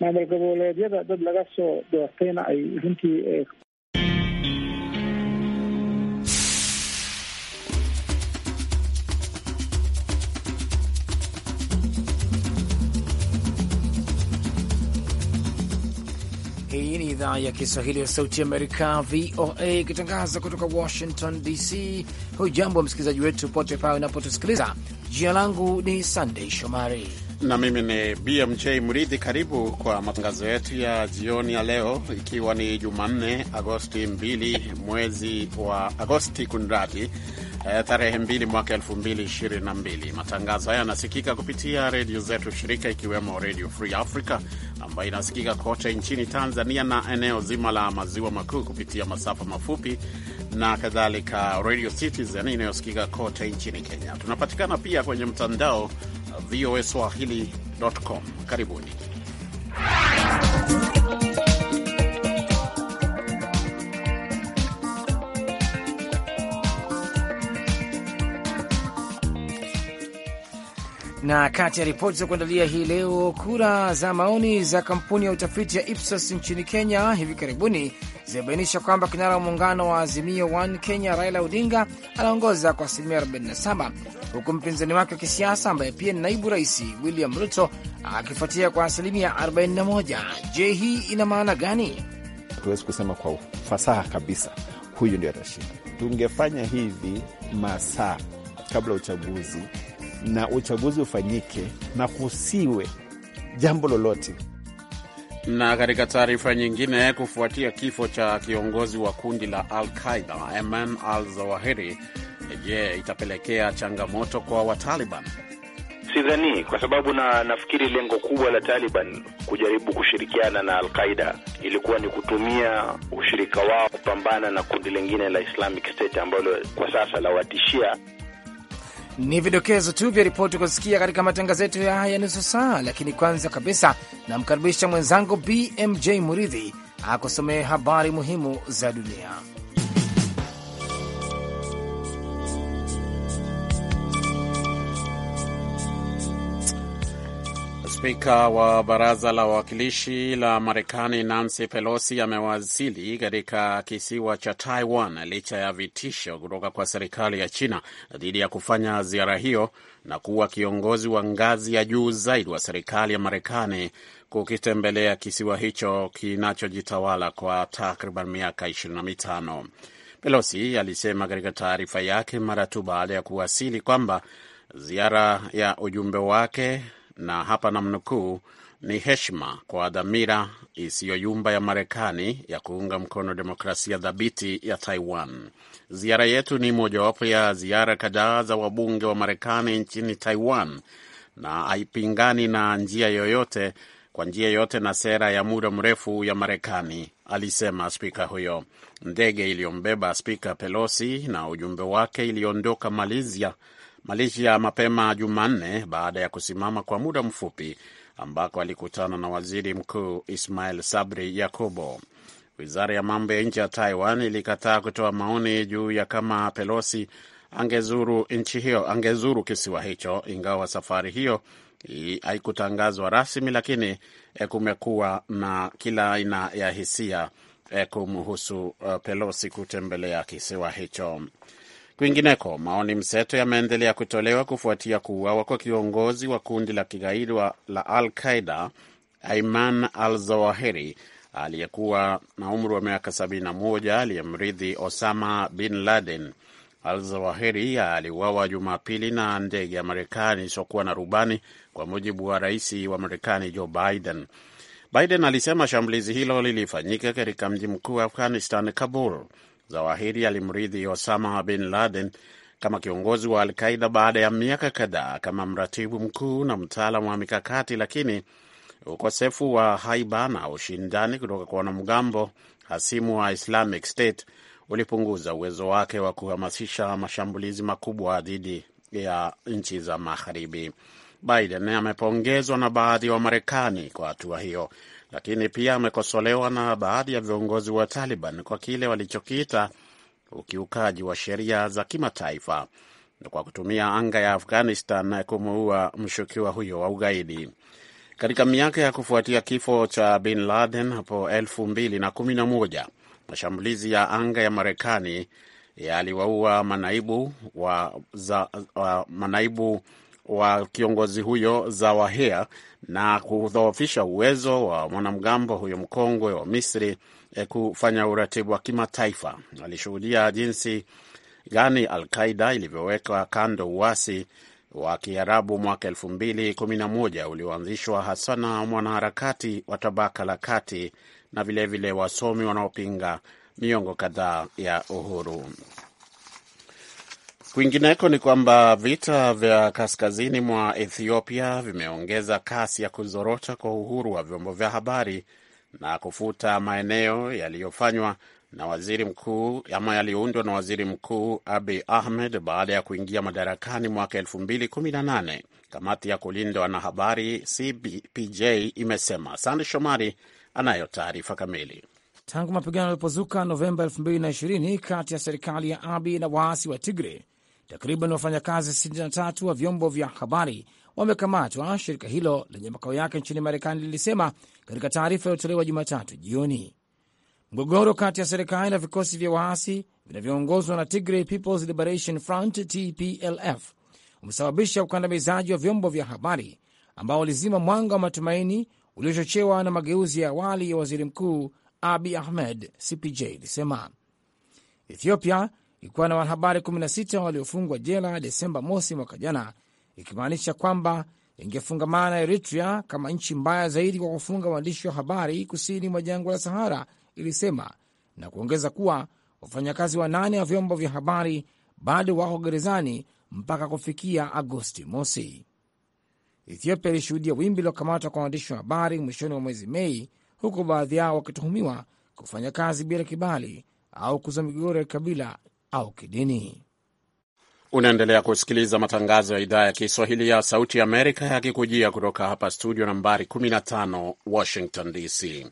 maamul goboleedyada dad laga soo doortayna ay runtii eh. Hii ni idhaa ya Kiswahili ya Sauti Amerika, VOA, ikitangaza kutoka Washington DC. Hujambo msikilizaji wetu pote pale unapotusikiliza. Jina langu ni Sandey Shomari na mimi ni BMJ Mridhi. Karibu kwa matangazo yetu ya jioni ya leo, ikiwa ni Jumanne Agosti 2 mwezi wa Agosti kundrati eh, tarehe 2 mwaka 2022. Matangazo haya yanasikika kupitia redio zetu shirika, ikiwemo Redio Free Africa ambayo inasikika kote nchini Tanzania na eneo zima la maziwa makuu kupitia masafa mafupi na kadhalika, Radio Citizen inayosikika kote nchini Kenya. Tunapatikana pia kwenye mtandao VOA Swahili.com. Karibuni. Na kati ya ripoti za kuandalia hii leo, kura za maoni za kampuni ya utafiti ya Ipsos nchini Kenya hivi karibuni zimebainisha kwamba kinara wa muungano wa Azimio One Kenya Raila Odinga anaongoza kwa asilimia 47 huku mpinzani wake wa kisiasa ambaye pia ni naibu rais William Ruto akifuatia kwa asilimia 41. Je, hii ina maana gani? Hatuwezi kusema kwa ufasaha kabisa huyu ndio atashinda. Tungefanya hivi masaa kabla uchaguzi na uchaguzi ufanyike na kusiwe jambo lolote na katika taarifa nyingine, kufuatia kifo cha kiongozi wa kundi la Al Qaida Ayman al Zawahiri, je, itapelekea changamoto kwa Wataliban? Sidhani, kwa sababu na nafikiri lengo kubwa la Taliban kujaribu kushirikiana na alqaida ilikuwa ni kutumia ushirika wao kupambana na kundi lingine la Islamic State ambalo kwa sasa lawatishia ni vidokezo tu vya ripoti kusikia katika matangazo yetu haya nusu saa, lakini kwanza kabisa namkaribisha mwenzangu BMJ Muridhi akusomee habari muhimu za dunia. Spika wa baraza la wawakilishi la Marekani Nancy Pelosi amewasili katika kisiwa cha Taiwan licha ya vitisho kutoka kwa serikali ya China dhidi ya kufanya ziara hiyo na kuwa kiongozi wa ngazi ya juu zaidi wa serikali ya Marekani kukitembelea kisiwa hicho kinachojitawala kwa takriban miaka 25. Pelosi alisema katika taarifa yake mara tu baada ya kuwasili kwamba ziara ya ujumbe wake na hapa namnukuu, ni heshima kwa dhamira isiyoyumba ya Marekani ya kuunga mkono demokrasia thabiti ya Taiwan. Ziara yetu ni mojawapo ya ziara kadhaa za wabunge wa Marekani nchini Taiwan na haipingani na njia yoyote kwa njia yoyote na sera ya muda mrefu ya Marekani, alisema spika huyo. Ndege iliyombeba spika Pelosi na ujumbe wake iliondoka Malaysia Malaysia mapema Jumanne baada ya kusimama kwa muda mfupi ambako alikutana na waziri mkuu Ismail Sabri Yakubo. Wizara ya mambo ya nje ya Taiwan ilikataa kutoa maoni juu ya kama Pelosi angezuru nchi hiyo, angezuru kisiwa hicho, ingawa safari hiyo haikutangazwa rasmi, lakini eh, kumekuwa na kila aina ya hisia eh, kumhusu eh, Pelosi kutembelea kisiwa hicho. Kwingineko, maoni mseto yameendelea kutolewa kufuatia kuuawa kwa kiongozi wa kundi la kigaidi la Al Qaida Aiman Al Zawahiri aliyekuwa na umri wa miaka 71 aliyemrithi Osama Bin Laden. Al Zawahiri aliuawa Jumapili na ndege ya Marekani isiyokuwa na rubani, kwa mujibu wa rais wa Marekani Joe Biden. Biden alisema shambulizi hilo lilifanyika katika mji mkuu wa Afghanistan, Kabul. Zawahiri alimrithi Osama bin Laden kama kiongozi wa Alqaida baada ya miaka kadhaa kama mratibu mkuu na mtaalamu wa mikakati, lakini ukosefu wa haiba na ushindani kutoka kwa wanamgambo hasimu wa Islamic State ulipunguza uwezo wake wa kuhamasisha mashambulizi makubwa dhidi ya nchi za Magharibi. Biden amepongezwa na baadhi ya wa Wamarekani kwa hatua hiyo lakini pia amekosolewa na baadhi ya viongozi wa Taliban kwa kile walichokiita ukiukaji wa sheria za kimataifa kwa kutumia anga ya Afghanistan kumuua mshukiwa huyo wa ugaidi. Katika miaka ya kufuatia kifo cha Bin Laden hapo 211 mashambulizi ya anga ya Marekani yaliwaua manaibu wa, za, wa, manaibu wa kiongozi huyo wahea na kudhoofisha uwezo wa mwanamgambo huyo mkongwe wa Misri eh, kufanya uratibu wa kimataifa. Alishuhudia jinsi gani Al-Qaida ilivyoweka kando uasi wa Kiarabu mwaka elfu mbili kumi na moja ulioanzishwa hasa na mwanaharakati wa tabaka la kati na vilevile wasomi wanaopinga miongo kadhaa ya uhuru. Kwingineko ni kwamba vita vya kaskazini mwa Ethiopia vimeongeza kasi ya kuzorota kwa uhuru wa vyombo vya habari na kufuta maeneo yaliyofanywa na waziri mkuu ama yaliyoundwa na waziri mkuu Abi Ahmed baada ya kuingia madarakani mwaka 2018. Kamati ya kulinda wanahabari CPJ imesema. Sande Shomari anayo taarifa kamili. Tangu mapigano yalipozuka Novemba 2020 kati ya serikali ya Abi na waasi wa Tigre, Takriban wafanyakazi 63 wa vyombo vya habari wamekamatwa, shirika hilo lenye makao yake nchini Marekani lilisema katika taarifa iliyotolewa Jumatatu jioni. Mgogoro kati ya serikali na vikosi vya waasi vinavyoongozwa na Tigray People's Liberation Front TPLF umesababisha ukandamizaji wa vyombo vya habari ambao ulizima mwanga wa matumaini uliochochewa na mageuzi ya awali ya waziri mkuu Abi Ahmed, CPJ ilisema. Ethiopia ilikuwa na wanahabari 16 waliofungwa jela Desemba mosi mwaka jana, ikimaanisha kwamba ingefungamana Eritrea kama nchi mbaya zaidi kwa kufunga waandishi wa habari kusini mwa jangwa la Sahara, ilisema na kuongeza kuwa wafanyakazi wanane wa vyombo vya habari bado wako gerezani mpaka kufikia Agosti mosi. Ethiopia ilishuhudia wimbi la kukamatwa kwa waandishi wa habari mwishoni mwa mwezi Mei, huku baadhi yao wakituhumiwa kufanya kazi bila kibali au kuza migogoro ya kikabila au kidini. Unaendelea kusikiliza matangazo ya idhaa ya Kiswahili ya Sauti ya Amerika yakikujia kutoka hapa studio nambari 15 Washington DC.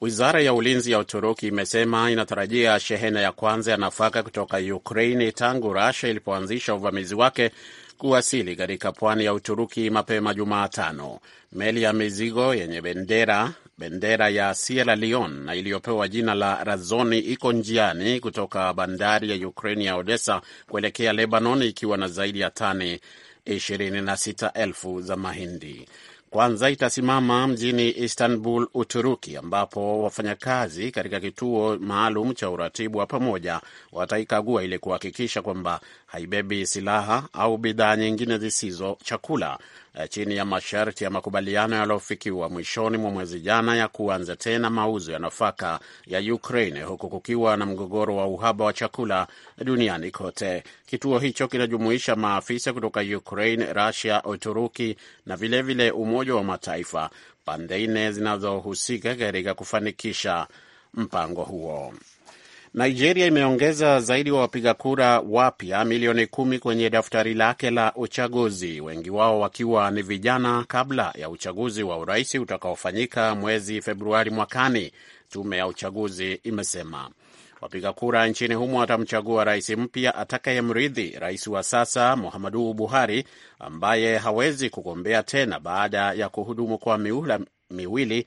Wizara ya ulinzi ya Uturuki imesema inatarajia shehena ya kwanza ya nafaka kutoka Ukraini tangu Rusia ilipoanzisha uvamizi wake kuwasili katika pwani ya Uturuki mapema Jumatano. Meli ya mizigo yenye bendera Bendera ya Sierra Leone na iliyopewa jina la Razoni iko njiani kutoka bandari ya Ukraine ya Odessa kuelekea Lebanon ikiwa na zaidi ya tani 26,000 za mahindi. Kwanza itasimama mjini Istanbul, Uturuki, ambapo wafanyakazi katika kituo maalum cha uratibu wa pamoja wataikagua ili kuhakikisha kwamba haibebi silaha au bidhaa nyingine zisizo chakula Eh, chini ya masharti ya makubaliano yaliyofikiwa mwishoni mwa mwezi jana ya kuanza tena mauzo ya nafaka ya Ukraine huku kukiwa na mgogoro wa uhaba wa chakula duniani kote. Kituo hicho kinajumuisha maafisa kutoka Ukraine, Russia, Uturuki na vilevile vile Umoja wa Mataifa, pande nne zinazohusika katika kufanikisha mpango huo. Nigeria imeongeza zaidi wa wapiga kura wapya milioni kumi kwenye daftari lake la uchaguzi, wengi wao wakiwa ni vijana, kabla ya uchaguzi wa urais utakaofanyika mwezi Februari mwakani, tume ya uchaguzi imesema. Wapiga kura nchini humo watamchagua rais mpya atakayemrithi rais wa sasa Muhammadu Buhari, ambaye hawezi kugombea tena baada ya kuhudumu kwa miula miwili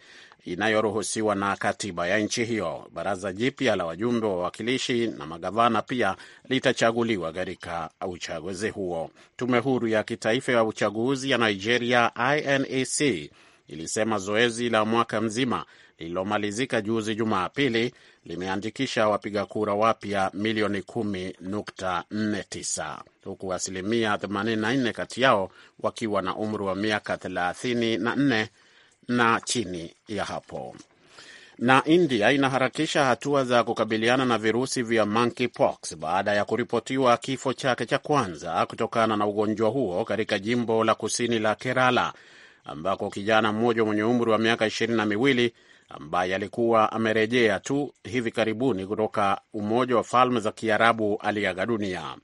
inayoruhusiwa na katiba ya nchi hiyo. Baraza jipya la wajumbe wa wawakilishi na magavana pia litachaguliwa katika uchaguzi huo. Tume huru ya kitaifa ya uchaguzi ya Nigeria, INEC, ilisema zoezi la mwaka mzima lililomalizika juzi Jumapili limeandikisha wapiga kura wapya milioni 10.49 huku asilimia 84 kati yao wakiwa na umri wa miaka 34 na chini ya hapo. Na India inaharakisha hatua za kukabiliana na virusi vya monkeypox baada ya kuripotiwa kifo chake cha kwanza kutokana na ugonjwa huo katika jimbo la kusini la Kerala ambako kijana mmoja mwenye umri wa miaka ishirini na miwili ambaye alikuwa amerejea tu hivi karibuni kutoka Umoja wa Falme za Kiarabu aliaga dunia.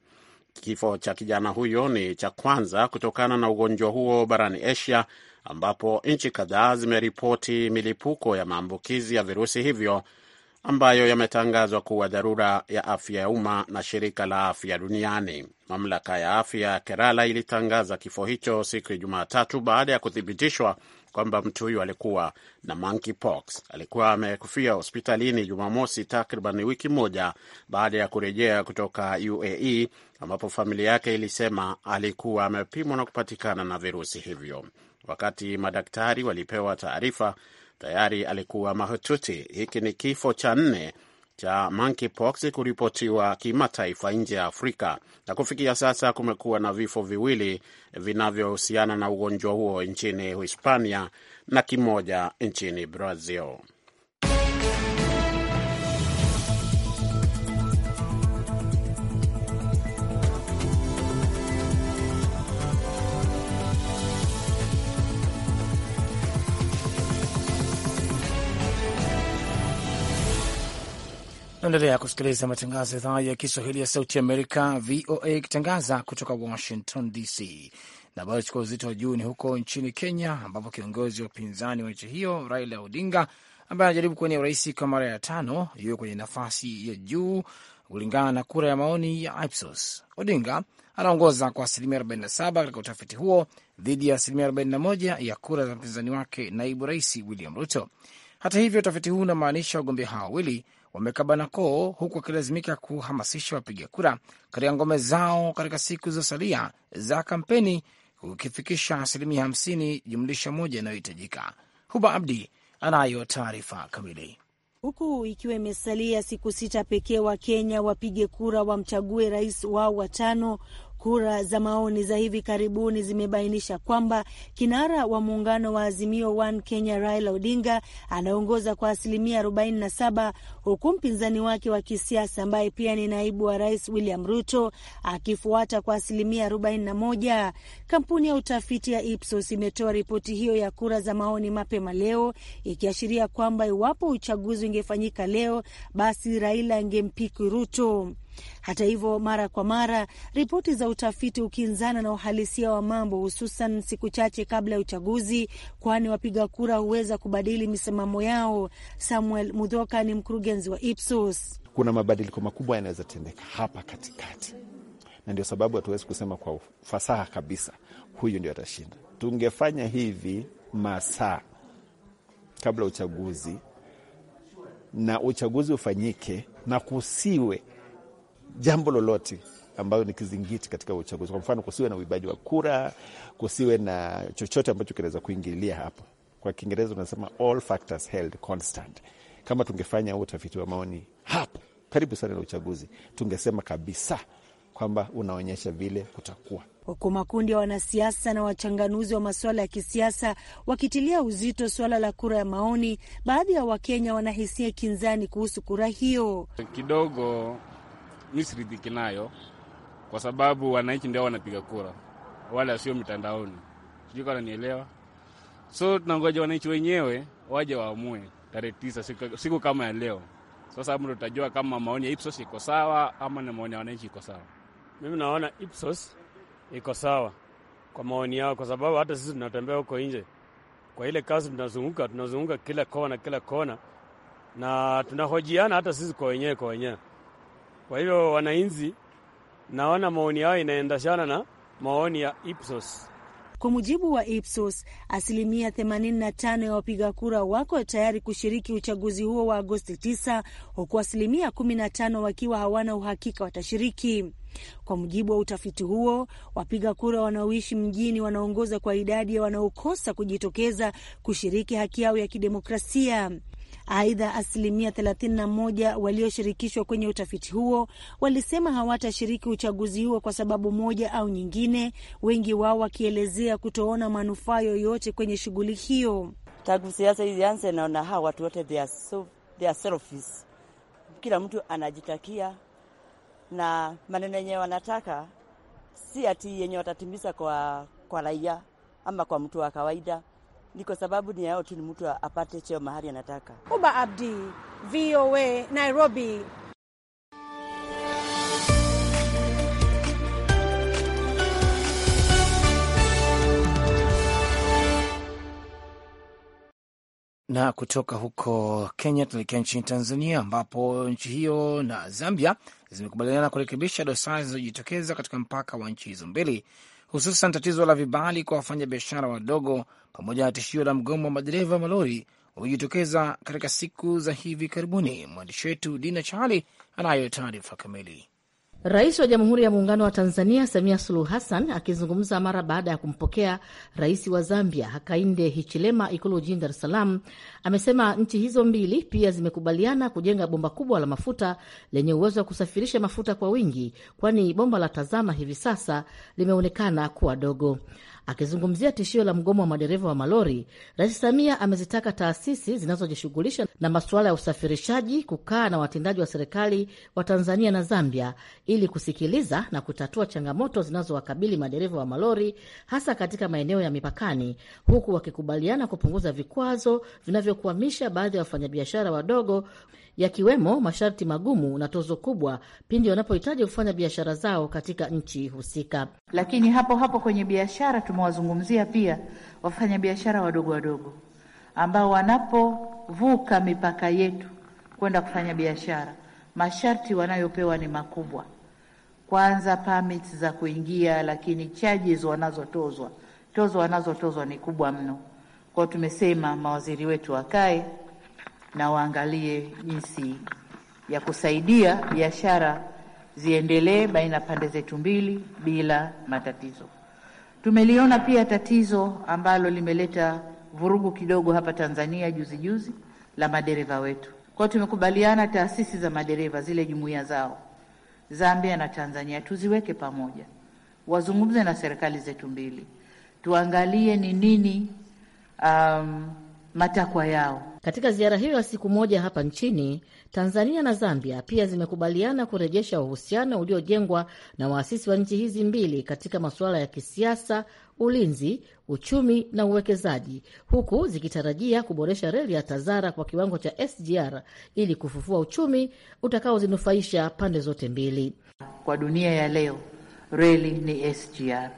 Kifo cha kijana huyo ni cha kwanza kutokana na ugonjwa huo barani Asia ambapo nchi kadhaa zimeripoti milipuko ya maambukizi ya virusi hivyo ambayo yametangazwa kuwa dharura ya afya ya umma na shirika la afya duniani. Mamlaka ya afya ya Kerala ilitangaza kifo hicho siku ya Jumatatu baada ya kuthibitishwa kwamba mtu huyo alikuwa na monkeypox. Alikuwa amekufia hospitalini Jumamosi, takriban wiki moja baada ya kurejea kutoka UAE ambapo familia yake ilisema alikuwa amepimwa na kupatikana na virusi hivyo. Wakati madaktari walipewa taarifa, tayari alikuwa mahututi. Hiki ni kifo cha nne cha monkeypox kuripotiwa kimataifa nje ya Afrika, na kufikia sasa kumekuwa na vifo viwili vinavyohusiana na ugonjwa huo nchini Hispania na kimoja nchini Brazil. Naendelea kusikiliza matangazo ya idhaa ya Kiswahili ya Sauti Amerika, VOA, ikitangaza kutoka Washington DC. Na habari chukua uzito wa juu ni huko nchini Kenya, ambapo kiongozi wa upinzani wa nchi hiyo Raila Odinga, ambaye anajaribu kuwania urais kwa mara ya tano, yuko kwenye nafasi ya juu kulingana na kura ya maoni ya Ipsos. Odinga anaongoza kwa asilimia 47 katika utafiti huo dhidi ya asilimia 41 ya kura za mpinzani wake naibu rais William Ruto. Hata hivyo, utafiti huu unamaanisha wagombea hao wawili wamekabana koo, huku wakilazimika kuhamasisha wapiga kura katika ngome zao katika siku za salia za kampeni, ukifikisha asilimia 50 jumlisha moja inayohitajika. Huba Abdi anayo taarifa kamili. Huku ikiwa imesalia siku sita pekee wa kenya wapige kura wamchague rais wao watano, Kura za maoni za hivi karibuni zimebainisha kwamba kinara wa muungano wa Azimio One Kenya Raila Odinga anaongoza kwa asilimia 47 huku mpinzani wake wa kisiasa ambaye pia ni naibu wa rais William Ruto akifuata kwa asilimia 41. Kampuni ya utafiti ya Ipsos imetoa ripoti hiyo ya kura za maoni mapema leo ikiashiria kwamba iwapo uchaguzi ungefanyika leo, basi Raila angempiku Ruto. Hata hivyo, mara kwa mara ripoti za utafiti hukinzana na uhalisia wa mambo, hususan siku chache kabla ya uchaguzi, kwani wapiga kura huweza kubadili misimamo yao. Samuel Mudhoka ni mkurugenzi wa Ipsos. Kuna mabadiliko makubwa yanaweza tendeka hapa katikati, na ndio sababu hatuwezi kusema kwa ufasaha kabisa huyu ndio atashinda. Tungefanya hivi masaa kabla uchaguzi na uchaguzi ufanyike na kusiwe jambo lolote ambayo ni kizingiti katika uchaguzi. Kwa mfano, kusiwe na uibaji wa kura, kusiwe na chochote ambacho kinaweza kuingilia hapo. Kwa Kiingereza unasema all factors held constant. Kama tungefanya huo utafiti wa maoni hapo karibu sana na uchaguzi, tungesema kabisa kwamba unaonyesha vile kutakuwa huku makundi ya wanasiasa na wachanganuzi wa masuala ya kisiasa wakitilia uzito suala la kura ya maoni. Baadhi ya Wakenya wanahisia kinzani kuhusu kura hiyo. Kidogo mi siridhiki nayo, kwa sababu wananchi ndio wanapiga kura, wale sio mitandaoni. Sijui kama nanielewa. So tunangoja wananchi wenyewe waje waamue tarehe tisa, siku, siku kama ya leo. Sasa hapo ndo tutajua kama maoni ya Ipsos iko sawa ama ni maoni ya wananchi iko sawa. Mimi naona Ipsos iko sawa kwa maoni yao, kwa sababu hata sisi tunatembea huko nje kwa ile kazi tunazunguka, tunazunguka kila kona, kila kona, na tunahojiana hata sisi kwa wenyewe kwa wenyewe kwa hiyo wananchi, naona maoni yao inaendeshana na maoni ya Ipsos. Kwa mujibu wa Ipsos, asilimia 85 ya wapiga kura wako tayari kushiriki uchaguzi huo wa Agosti 9 huku asilimia 15 wakiwa hawana uhakika watashiriki. Kwa mujibu wa utafiti huo, wapiga kura wanaoishi mjini wanaongoza kwa idadi ya wanaokosa kujitokeza kushiriki haki yao ya kidemokrasia. Aidha, asilimia 31 walioshirikishwa kwenye utafiti huo walisema hawatashiriki uchaguzi huo kwa sababu moja au nyingine, wengi wao wakielezea kutoona manufaa yoyote kwenye shughuli hiyo. Tangu siasa ilianze, naona hawa watu wote they are so, selfish. Kila mtu anajitakia na maneno yenyewe wanataka si ati yenye watatimiza kwa, kwa raia ama kwa mtu wa kawaida ni kwa sababu ni yao tu, ni mtu apate cheo mahali anataka. Uba Abdi, VOA, Nairobi. Na kutoka huko Kenya tuelekea nchini Tanzania, ambapo nchi hiyo na Zambia zimekubaliana kurekebisha dosari zilizojitokeza katika mpaka wa nchi hizo mbili hususan tatizo la vibali kwa wafanyabiashara wadogo pamoja na tishio la mgomo wa madereva malori uliojitokeza katika siku za hivi karibuni. Mwandishi wetu Dina Chali anayo taarifa kamili. Rais wa Jamhuri ya Muungano wa Tanzania Samia Suluhu Hassan akizungumza mara baada ya kumpokea rais wa Zambia Hakainde Hichilema Ikulu jijini Dar es Salaam amesema nchi hizo mbili pia zimekubaliana kujenga bomba kubwa la mafuta lenye uwezo wa kusafirisha mafuta kwa wingi, kwani bomba la Tazama hivi sasa limeonekana kuwa dogo. Akizungumzia tishio la mgomo wa madereva wa malori, Rais Samia amezitaka taasisi zinazojishughulisha na masuala ya usafirishaji kukaa na watendaji wa serikali wa Tanzania na Zambia ili kusikiliza na kutatua changamoto zinazowakabili madereva wa malori hasa katika maeneo ya mipakani, huku wakikubaliana kupunguza vikwazo vinavyokwamisha baadhi ya wafanyabiashara wadogo yakiwemo masharti magumu na tozo kubwa pindi wanapohitaji kufanya biashara zao katika nchi husika. Lakini hapo hapo kwenye biashara tumewazungumzia pia wafanyabiashara wadogo wadogo ambao wanapovuka mipaka yetu kwenda kufanya biashara, masharti wanayopewa ni makubwa. Kwanza permits za kuingia, lakini charges wanazotozwa tozo wanazotozwa ni kubwa mno. Kwao tumesema mawaziri wetu wakae na waangalie jinsi ya kusaidia biashara ziendelee baina ya pande zetu mbili bila matatizo. Tumeliona pia tatizo ambalo limeleta vurugu kidogo hapa Tanzania juzi juzi la madereva wetu. Kwa hiyo tumekubaliana taasisi za madereva zile jumuiya zao Zambia na Tanzania tuziweke pamoja, wazungumze na serikali zetu mbili, tuangalie ni nini um, matakwa yao katika ziara hiyo ya siku moja hapa nchini, Tanzania na Zambia pia zimekubaliana kurejesha uhusiano uliojengwa na waasisi wa nchi hizi mbili katika masuala ya kisiasa, ulinzi, uchumi na uwekezaji, huku zikitarajia kuboresha reli ya TAZARA kwa kiwango cha SGR ili kufufua uchumi utakaozinufaisha pande zote mbili. Kwa dunia ya leo, reli ni SGR.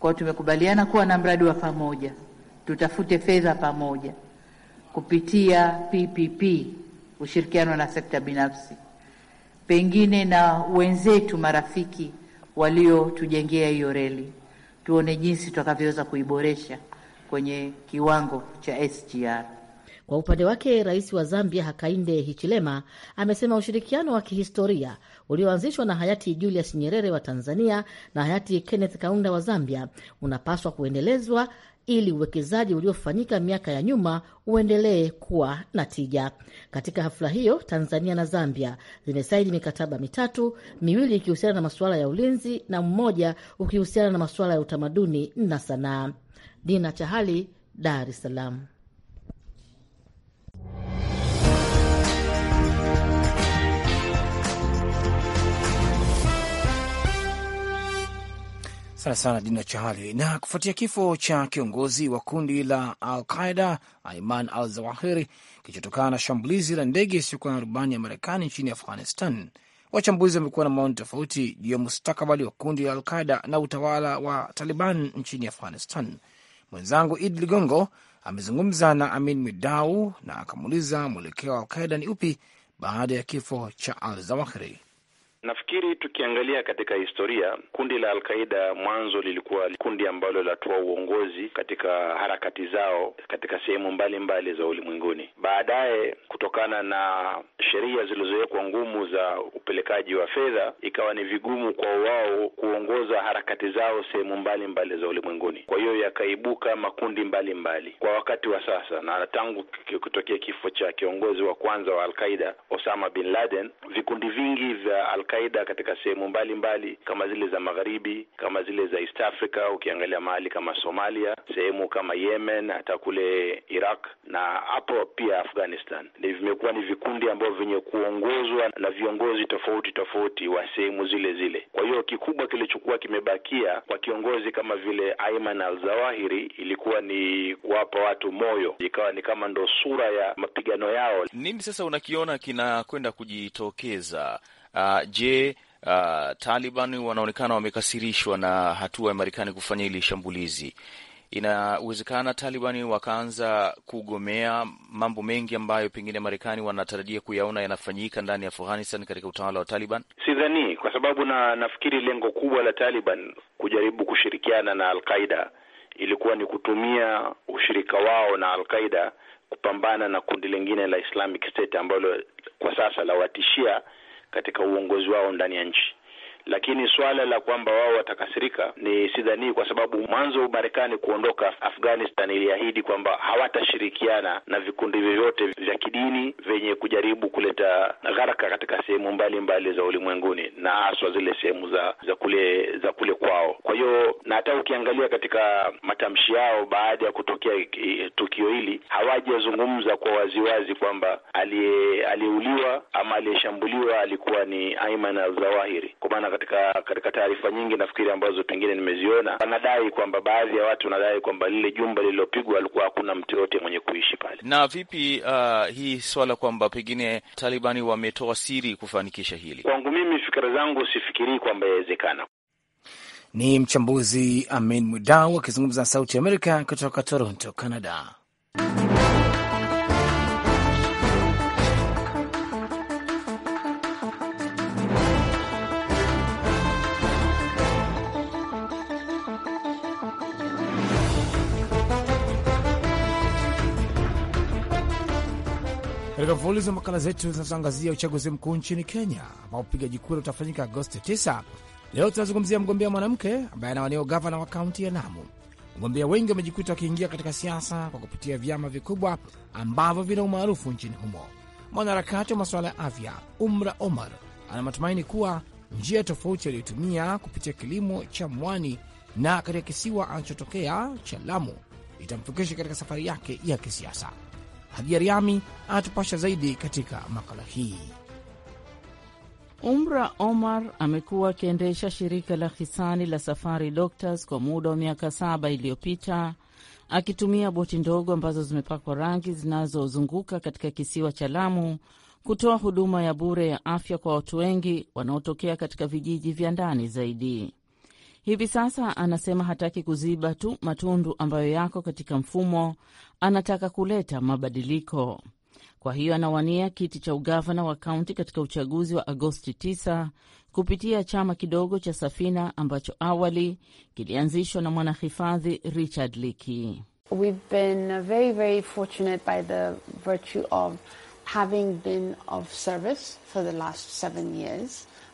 Kwao tumekubaliana kuwa na mradi wa pamoja, tutafute fedha pamoja kupitia PPP, ushirikiano na sekta binafsi, pengine na wenzetu marafiki waliotujengea hiyo reli, tuone jinsi tutakavyoweza kuiboresha kwenye kiwango cha SGR. Kwa upande wake, rais wa Zambia Hakainde Hichilema amesema ushirikiano wa kihistoria ulioanzishwa na hayati Julius Nyerere wa Tanzania na hayati Kenneth Kaunda wa Zambia unapaswa kuendelezwa ili uwekezaji uliofanyika miaka ya nyuma uendelee kuwa na tija. Katika hafla hiyo, Tanzania na Zambia zimesaini mikataba mitatu, miwili ikihusiana na masuala ya ulinzi na mmoja ukihusiana na masuala ya utamaduni na sanaa. Dina Chahali, Dar es Salaam. Sana sana Dina Chahali. Na kufuatia kifo cha kiongozi wa kundi la Al Qaida Aiman Al Zawahiri kilichotokana na shambulizi la ndege isiyokuwa na rubani ya Marekani nchini Afghanistan, wachambuzi wamekuwa na maoni tofauti juu ya mustakabali wa kundi la Al Qaida na utawala wa Taliban nchini Afghanistan. Mwenzangu Id Ligongo amezungumza na Amin Mwidau na akamuuliza mwelekeo wa Al Qaida ni upi baada ya kifo cha Al Zawahiri. Nafikiri tukiangalia katika historia, kundi la Alqaida mwanzo lilikuwa kundi ambalo linatoa uongozi katika harakati zao katika sehemu mbalimbali za ulimwenguni. Baadaye, kutokana na sheria zilizowekwa ngumu za upelekaji wa fedha, ikawa ni vigumu kwa wao kuongoza harakati zao sehemu mbalimbali za ulimwenguni. Kwa hiyo yakaibuka makundi mbalimbali mbali. Kwa wakati wa sasa na tangu kutokea kifo cha kiongozi wa kwanza wa alqaida Osama bin Laden, vikundi vingi vya alqaida katika sehemu mbalimbali kama zile za magharibi, kama zile za East Africa, ukiangalia mahali kama Somalia, sehemu kama Yemen, hata kule Iraq na hapo pia Afghanistan, vimekuwa ni vikundi ambavyo vyenye kuongozwa na viongozi tofauti tofauti wa sehemu zile zile. Kwa hiyo kikubwa kilichokuwa kimebakia kwa kiongozi kama vile Ayman al-Zawahiri ilikuwa ni kuwapa watu moyo, ikawa ni kama ndo sura ya mapigano yao. Nini sasa unakiona kinakwenda kujitokeza? Uh, je, uh, Taliban wanaonekana wamekasirishwa na hatua ya Marekani kufanya hili shambulizi inawezekana Taliban wakaanza kugomea mambo mengi ambayo pengine Marekani wanatarajia kuyaona yanafanyika ndani ya Afghanistan katika utawala wa Taliban? Sidhani, kwa sababu na nafikiri lengo kubwa la Taliban kujaribu kushirikiana na Alqaida ilikuwa ni kutumia ushirika wao na Alqaida kupambana na kundi lingine la Islamic State ambalo kwa sasa lawatishia katika uongozi wao ndani ya nchi lakini swala la kwamba wao watakasirika ni sidhanii, kwa sababu mwanzo Marekani kuondoka Afghanistan iliahidi kwamba hawatashirikiana na vikundi vyovyote vya kidini vyenye kujaribu kuleta gharaka katika sehemu mbalimbali za ulimwenguni na haswa zile sehemu za za kule za kule kwao. Kwa hiyo na hata ukiangalia katika matamshi yao baada ya kutokea tukio hili, hawajazungumza kwa waziwazi kwamba aliyeuliwa ama aliyeshambuliwa alikuwa ni Ayman al-Zawahiri kwa maana katika katika taarifa nyingi nafikiri ambazo pengine nimeziona, wanadai kwamba baadhi ya watu wanadai kwamba lile jumba lililopigwa alikuwa hakuna mtu yoyote mwenye kuishi pale. Na vipi uh, hii swala kwamba pengine Talibani wametoa siri kufanikisha hili? Kwangu mimi, fikira zangu, sifikirii kwamba yawezekana. Ni mchambuzi Amin mudau akizungumza na Sauti ya Amerika kutoka Toronto, Canada. Katika mfululizo wa makala zetu zinazoangazia uchaguzi mkuu nchini Kenya ambao upigaji kura utafanyika Agosti 9, leo tunazungumzia mgombea mwanamke ambaye anawania gavana wa kaunti ya Lamu. mgombea wengi wamejikuta wakiingia katika siasa kwa kupitia vyama vikubwa ambavyo vina umaarufu nchini humo. Mwanaharakati wa masuala ya afya Umra Omar ana matumaini kuwa njia tofauti aliyotumia kupitia kilimo cha mwani na katika kisiwa anachotokea cha Lamu itamfikisha katika safari yake ya kisiasa. Hadia Riami anatupasha zaidi katika makala hii. Umra Omar amekuwa akiendesha shirika la hisani la Safari Doctors kwa muda wa miaka saba iliyopita akitumia boti ndogo ambazo zimepakwa rangi zinazozunguka katika kisiwa cha Lamu kutoa huduma ya bure ya afya kwa watu wengi wanaotokea katika vijiji vya ndani zaidi. Hivi sasa anasema hataki kuziba tu matundu ambayo yako katika mfumo, anataka kuleta mabadiliko. Kwa hiyo anawania kiti cha ugavana wa kaunti katika uchaguzi wa Agosti 9 kupitia chama kidogo cha Safina ambacho awali kilianzishwa na mwanahifadhi Richard Leakey.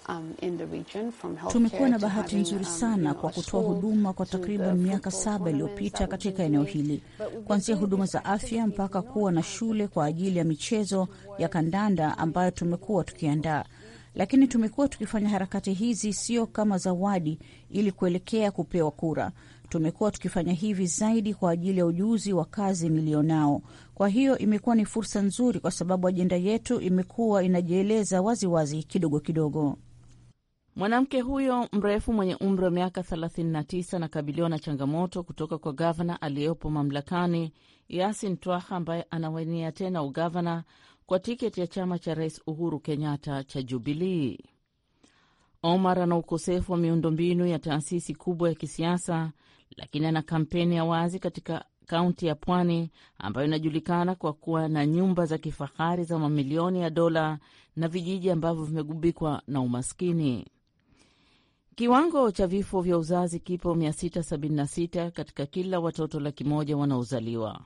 Um, tumekuwa na bahati nzuri um, sana kwa kutoa huduma kwa takriban miaka saba iliyopita katika eneo hili, kuanzia huduma za afya mpaka kuwa na shule kwa ajili ya michezo ya kandanda ambayo tumekuwa tukiandaa. Lakini tumekuwa tukifanya harakati hizi sio kama zawadi ili kuelekea kupewa kura. Tumekuwa tukifanya hivi zaidi kwa ajili ya ujuzi wa kazi nilionao. Kwa hiyo imekuwa ni fursa nzuri, kwa sababu ajenda yetu imekuwa inajieleza waziwazi kidogo kidogo. Mwanamke huyo mrefu mwenye umri wa miaka 39 anakabiliwa na changamoto kutoka kwa gavana aliyepo mamlakani Yasin Twaha, ambaye anawania tena ugavana kwa tiketi ya chama cha Rais Uhuru Kenyatta cha Jubilii. Omar ana ukosefu wa miundombinu ya taasisi kubwa ya kisiasa, lakini ana kampeni ya wazi katika kaunti ya Pwani ambayo inajulikana kwa kuwa na nyumba za kifahari za mamilioni ya dola na vijiji ambavyo vimegubikwa na umaskini. Kiwango cha vifo vya uzazi kipo 676 katika kila watoto laki moja wanaozaliwa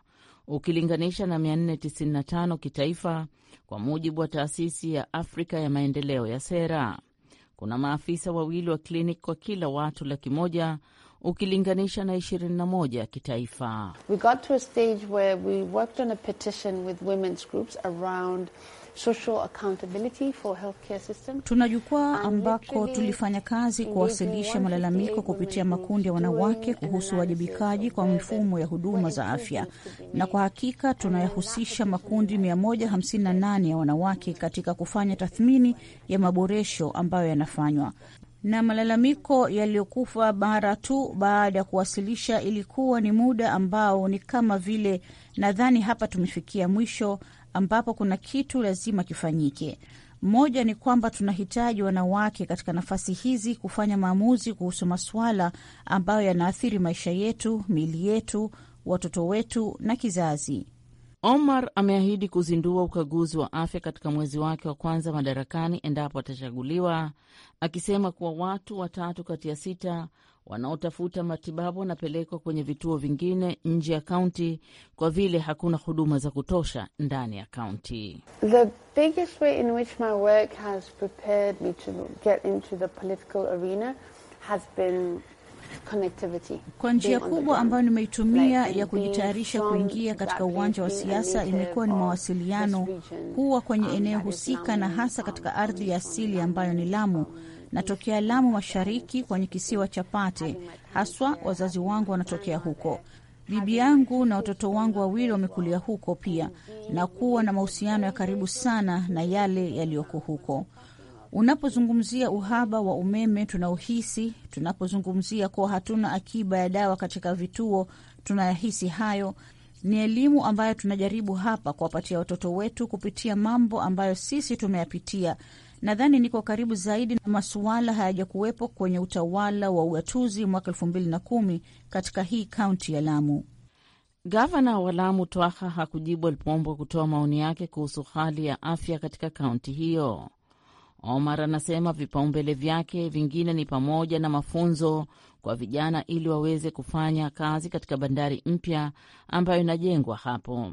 ukilinganisha na 495 kitaifa, kwa mujibu wa taasisi ya Afrika ya maendeleo ya sera. Kuna maafisa wawili wa kliniki kwa kila watu laki moja ukilinganisha na 21 kitaifa. We got to a stage where we worked on a petition with women's groups around Tuna jukwaa ambako tulifanya kazi kuwasilisha malalamiko kupitia makundi ya wanawake kuhusu uwajibikaji kwa mifumo ya huduma za afya, na kwa hakika tunayahusisha makundi 158 ya wanawake katika kufanya tathmini ya maboresho ambayo yanafanywa na malalamiko yaliyokufa mara tu baada ya kuwasilisha ilikuwa ni muda ambao ni kama vile, nadhani hapa tumefikia mwisho, ambapo kuna kitu lazima kifanyike. Moja ni kwamba tunahitaji wanawake katika nafasi hizi kufanya maamuzi kuhusu masuala ambayo yanaathiri maisha yetu, mili yetu, watoto wetu na kizazi. Omar ameahidi kuzindua ukaguzi wa afya katika mwezi wake wa kwanza madarakani endapo atachaguliwa, akisema kuwa watu watatu kati ya sita wanaotafuta matibabu wanapelekwa kwenye vituo vingine nje ya kaunti kwa vile hakuna huduma za kutosha ndani ya kaunti. Kwa njia kubwa ambayo nimeitumia like ya kujitayarisha kuingia katika uwanja wa siasa imekuwa ni mawasiliano, kuwa kwenye um, eneo husika, na um, hasa katika ardhi ya um, asili ambayo ni Lamu Natokea Lamu Mashariki kwenye kisiwa cha Pate, haswa wazazi wangu wanatokea huko. Bibi yangu na watoto wangu wawili wamekulia huko pia, na kuwa na mahusiano ya karibu sana na yale yaliyoko huko. Unapozungumzia uhaba wa umeme tunaohisi, tunapozungumzia kuwa hatuna akiba ya dawa katika vituo, tunayahisi hayo. Ni elimu ambayo tunajaribu hapa kuwapatia watoto wetu kupitia mambo ambayo sisi tumeyapitia nadhani niko karibu zaidi na masuala hayajakuwepo kwenye utawala wa ugatuzi mwaka elfu mbili na kumi katika hii kaunti ya Lamu. Gavana wa Lamu Twaha hakujibu alipoombwa kutoa maoni yake kuhusu hali ya afya katika kaunti hiyo. Omar anasema vipaumbele vyake vingine ni pamoja na mafunzo kwa vijana ili waweze kufanya kazi katika bandari mpya ambayo inajengwa hapo.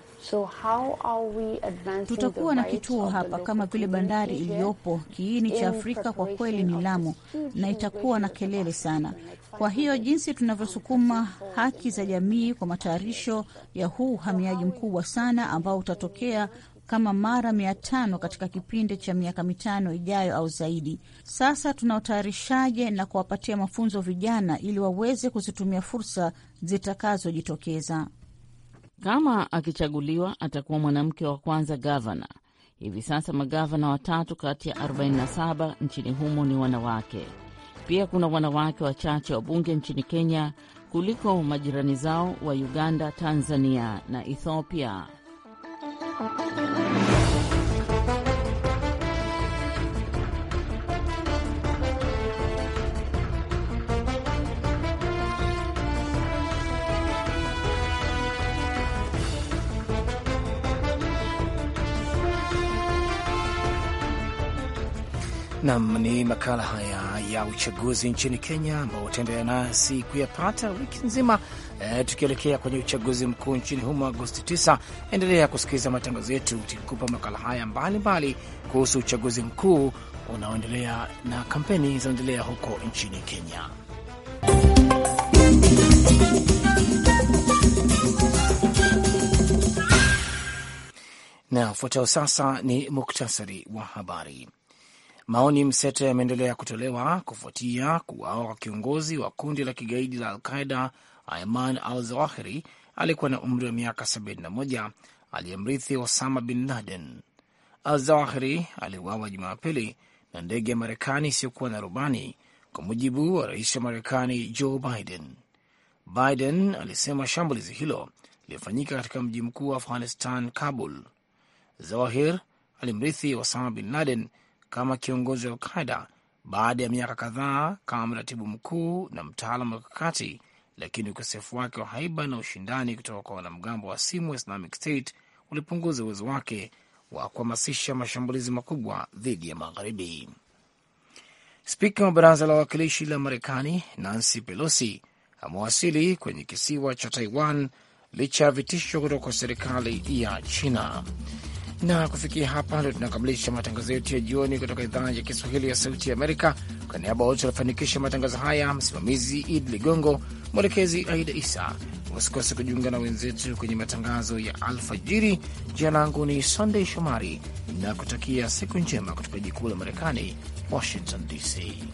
So how are we advancing? Tutakuwa na kituo hapa kama vile bandari iliyopo kiini cha Afrika kwa kweli ni Lamu, na itakuwa na kelele sana. Kwa hiyo jinsi tunavyosukuma haki za jamii kwa matayarisho ya huu uhamiaji mkubwa sana ambao utatokea kama mara mia tano katika kipindi cha miaka mitano ijayo au zaidi. Sasa tuna na kuwapatia mafunzo vijana ili waweze kuzitumia fursa zitakazojitokeza. Kama akichaguliwa, atakuwa mwanamke wa kwanza gavana. Hivi sasa magavana watatu kati ya 47 nchini humo ni wanawake. Pia kuna wanawake wachache wa bunge nchini Kenya kuliko majirani zao wa Uganda, Tanzania na Ethiopia. Nam ni makala haya ya uchaguzi nchini Kenya ambao utaendelea nasi kuyapata wiki nzima e, tukielekea kwenye uchaguzi mkuu nchini humo Agosti 9. Endelea kusikiliza matangazo yetu tukikupa makala haya mbalimbali kuhusu uchaguzi mkuu unaoendelea na kampeni zinaendelea huko nchini Kenya. Na ufuatao sasa ni muktasari wa habari. Maoni mseto yameendelea kutolewa kufuatia kuuawa kwa kiongozi wa kundi la kigaidi la Alqaida Ayman al Zawahiri aliyekuwa na umri wa miaka 71 aliyemrithi Osama bin Laden. Al Zawahiri aliuawa Jumapili na ndege ya Marekani isiyokuwa na rubani, kwa mujibu wa rais wa Marekani Joe Biden. Biden alisema shambulizi hilo lilifanyika katika mji mkuu wa Afghanistan, Kabul. Zawahir alimrithi Osama bin Laden kama kiongozi wa Alqaida baada ya miaka kadhaa kama mratibu mkuu na mtaalam wa kakati, lakini ukosefu wake wa haiba na ushindani kutoka kwa wanamgambo wa simu wa Islamic State ulipunguza uwezo wake wa kuhamasisha mashambulizi makubwa dhidi ya magharibi. Spika wa baraza la wawakilishi la Marekani Nancy Pelosi amewasili kwenye kisiwa cha Taiwan licha ya vitisho kutoka kwa serikali ya China. Na kufikia hapa ndio tunakamilisha matangazo yetu ya jioni kutoka idhaa ya Kiswahili ya Sauti ya Amerika. Kwa niaba wote walifanikisha matangazo haya, msimamizi Idi Ligongo, mwelekezi Aida Isa. wasikose kujiunga na wenzetu kwenye matangazo ya alfajiri. Jina langu ni sandey Shomari na kutakia siku njema kutoka jikuu la Marekani, Washington DC.